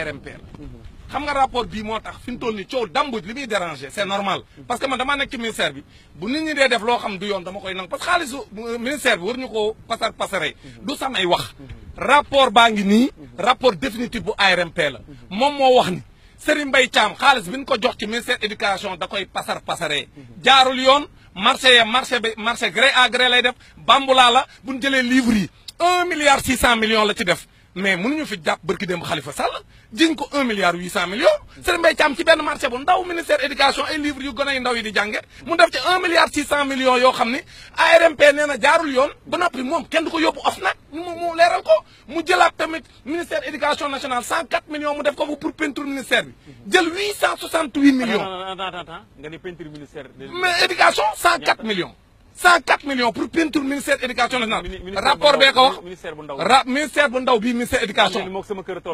ARMP la xam nga rapport bii moo tax fi mu toll nii coow dambuj li muy déranger c'est normal parce que man damaa nekk ci ministère bi bu nit ñi dee def loo xam du yoon dama koy nangu parce que xaalisu euh, ministère bi war ñu ko pasar pasare du samay wax rapport baa ngi nii rapport définitif bu ARMP la moom moo wax ni Serigne Mbaye Thiam xaalis bi ñu ko jox ci ministère éducation da koy pasar pasaree jaarul yoon marché ya marché bi marché gré à gré lay def bambulaa la bu ñu jëlee livre yi un six cent millions la ci def mais mënuñu fi jàpp barki démb Khalifa Sall jiñ ko un milliard huit cent millions Serigne Mbaye Thiam ci benn marché bu ndaw ministère éducation ay livres yu gone yu ndaw yi di jànge mu def ci un milliard six cent millions yoo xam ni ARMP nee jaarul yoon ba noppi moom kenn du ko yóbbu of nag mu leeral ko mu jëlaat tamit ministère éducation nationale cent quatre millions mu def ko pour peinture ministère bi jël huit cent soixante huit millions nga éducation cent quatre millions pour peinture ministère éducation nationale rapport bee ko wax ra ministère bu ndaw bii ministère éducation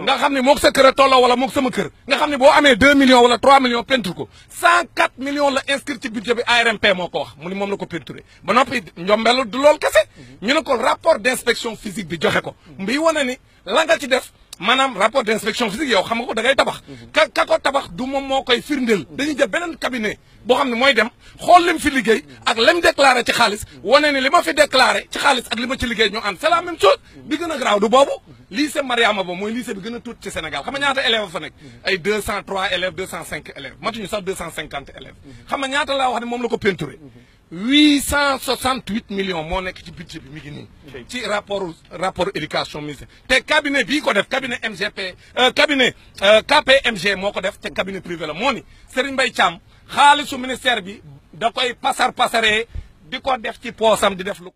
nga xam ne moog sa a tolloo wala moog sama kër nga xam ne boo amee deux millions wala trois millions peinture ko cent quatre millions la inscrit bi ARMP moo ko wax mu la ko peinturé ba noppi njombelu du loolu kese mm-hmm. ko rapport d' physique bi joxe ko mm-hmm. mbii wane ni la nga ci def maanaam rapport d' inspection yow xam nga ko da tabax mhm. ka ka ko tabax du moom moo koy firndeel mhm. dañuy jël beneen cabinet boo xam ne mooy dem xool lim fi liggéey mhm. ak lim déclaré ci xaalis wane ni li fi déclaré ci xaalis ak li ci liggéey ñoo ànd c' est bi gën a garaaw du boobu lycée Mariama Ba mooy lycée bi gën a tuut ci Sénégal xam nga ñaata élèves fa nekk ay deux cent trois élèves deux cent cinq élèves matuñu sax deux cent cinquante ñaata laa wax ne moom la huit cent soixante huit millions moo nekk ci budget bi mi ngi nii. ci rapport rapport éducation ministère te cabinet bii ko def cabinet MGP euh, cabinet euh, KPMG moo ko def te cabinet privé la moo ni Serigne Mbaye Thiam xaalisu ministère bi da koy pasar pasaree di ko def ci poosam di def lu